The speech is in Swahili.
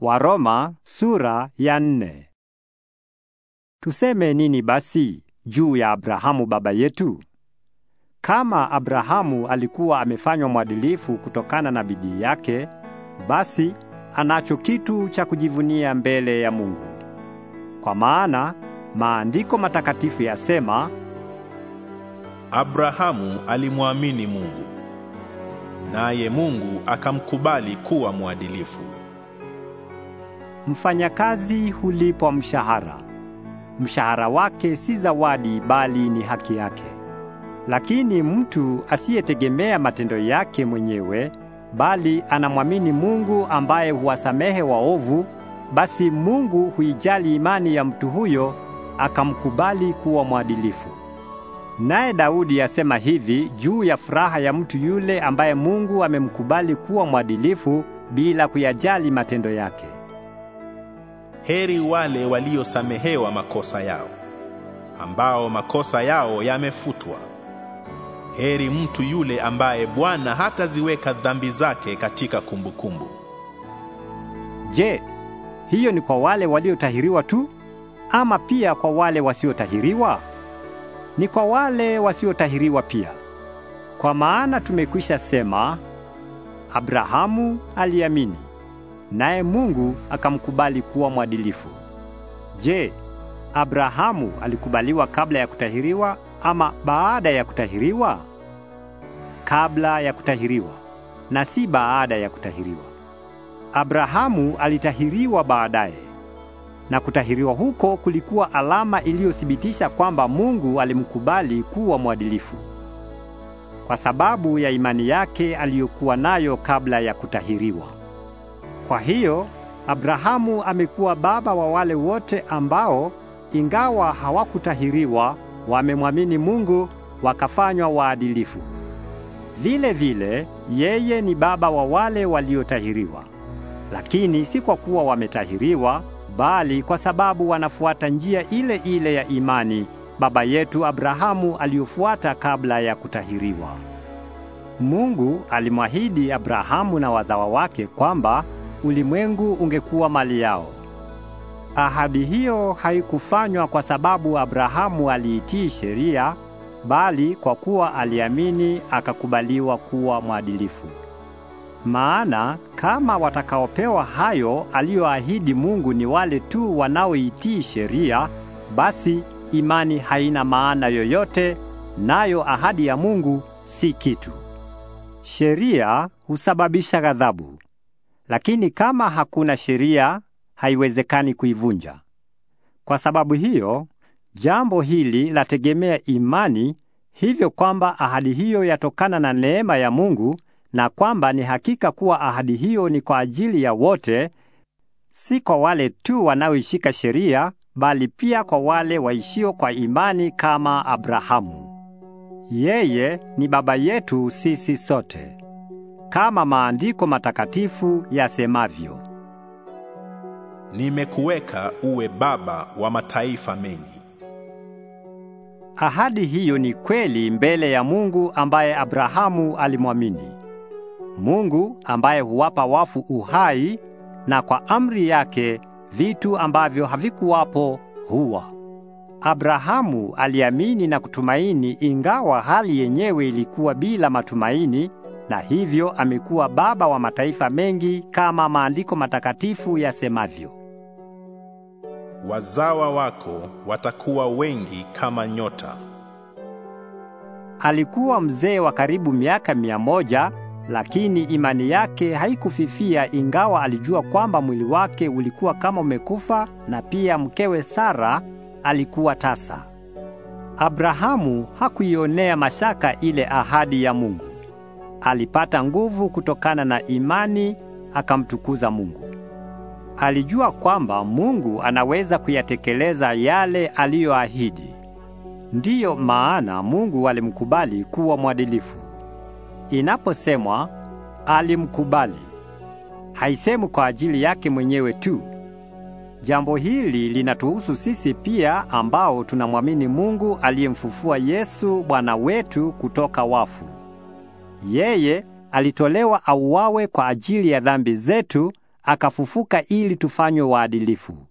Waroma sura ya nne. Tuseme nini basi juu ya Abrahamu baba yetu? Kama Abrahamu alikuwa amefanywa mwadilifu kutokana na bidii yake, basi anacho kitu cha kujivunia mbele ya Mungu. Kwa maana maandiko matakatifu yasema, Abrahamu alimwamini Mungu, naye Mungu akamkubali kuwa mwadilifu. Mfanyakazi hulipwa mshahara. Mshahara wake si zawadi bali ni haki yake. Lakini mtu asiyetegemea matendo yake mwenyewe bali anamwamini Mungu ambaye huwasamehe waovu, basi Mungu huijali imani ya mtu huyo akamkubali kuwa mwadilifu. Naye Daudi asema hivi juu ya furaha ya mtu yule ambaye Mungu amemkubali kuwa mwadilifu bila kuyajali matendo yake heri wale waliosamehewa makosa yao, ambao makosa yao yamefutwa. Heri mtu yule ambaye Bwana hataziweka dhambi zake katika kumbukumbu. Je, hiyo ni kwa wale waliotahiriwa tu ama pia kwa wale wasiotahiriwa? Ni kwa wale wasiotahiriwa pia. Kwa maana tumekwisha sema Abrahamu aliamini naye Mungu akamkubali kuwa mwadilifu. Je, Abrahamu alikubaliwa kabla ya kutahiriwa ama baada ya kutahiriwa? Kabla ya kutahiriwa na si baada ya kutahiriwa. Abrahamu alitahiriwa baadaye, na kutahiriwa huko kulikuwa alama iliyothibitisha kwamba Mungu alimkubali kuwa mwadilifu kwa sababu ya imani yake aliyokuwa nayo kabla ya kutahiriwa. Kwa hiyo Abrahamu amekuwa baba wa wale wote ambao ingawa hawakutahiriwa wamemwamini Mungu wakafanywa waadilifu. Vile vile yeye ni baba wa wale waliotahiriwa, lakini si kwa kuwa wametahiriwa, bali kwa sababu wanafuata njia ile ile ya imani baba yetu Abrahamu aliyofuata kabla ya kutahiriwa. Mungu alimwahidi Abrahamu na wazawa wake kwamba ulimwengu ungekuwa mali yao. Ahadi hiyo haikufanywa kwa sababu Abrahamu aliitii sheria, bali kwa kuwa aliamini akakubaliwa kuwa mwadilifu. Maana kama watakaopewa hayo aliyoahidi Mungu ni wale tu wanaoitii sheria, basi imani haina maana yoyote, nayo ahadi ya Mungu si kitu. Sheria husababisha ghadhabu, lakini kama hakuna sheria, haiwezekani kuivunja. Kwa sababu hiyo, jambo hili lategemea imani, hivyo kwamba ahadi hiyo yatokana na neema ya Mungu na kwamba ni hakika kuwa ahadi hiyo ni kwa ajili ya wote, si kwa wale tu wanaoishika sheria, bali pia kwa wale waishio kwa imani kama Abrahamu. Yeye ni baba yetu sisi sote kama maandiko matakatifu yasemavyo, nimekuweka uwe baba wa mataifa mengi. Ahadi hiyo ni kweli mbele ya Mungu ambaye Abrahamu alimwamini. Mungu ambaye huwapa wafu uhai na kwa amri yake vitu ambavyo havikuwapo huwa. Abrahamu aliamini na kutumaini ingawa hali yenyewe ilikuwa bila matumaini na hivyo amekuwa baba wa mataifa mengi kama maandiko matakatifu yasemavyo. Wazawa wako watakuwa wengi kama nyota. Alikuwa mzee wa karibu miaka mia moja, lakini imani yake haikufifia ingawa alijua kwamba mwili wake ulikuwa kama umekufa na pia mkewe Sara alikuwa tasa. Abrahamu hakuionea mashaka ile ahadi ya Mungu alipata nguvu kutokana na imani, akamtukuza Mungu. Alijua kwamba Mungu anaweza kuyatekeleza yale aliyoahidi. Ndiyo maana Mungu alimkubali kuwa mwadilifu. Inaposemwa alimkubali, haisemwi kwa ajili yake mwenyewe tu. Jambo hili linatuhusu sisi pia ambao tunamwamini Mungu aliyemfufua Yesu Bwana wetu kutoka wafu. Yeye alitolewa auawe kwa ajili ya dhambi zetu, akafufuka ili tufanywe waadilifu.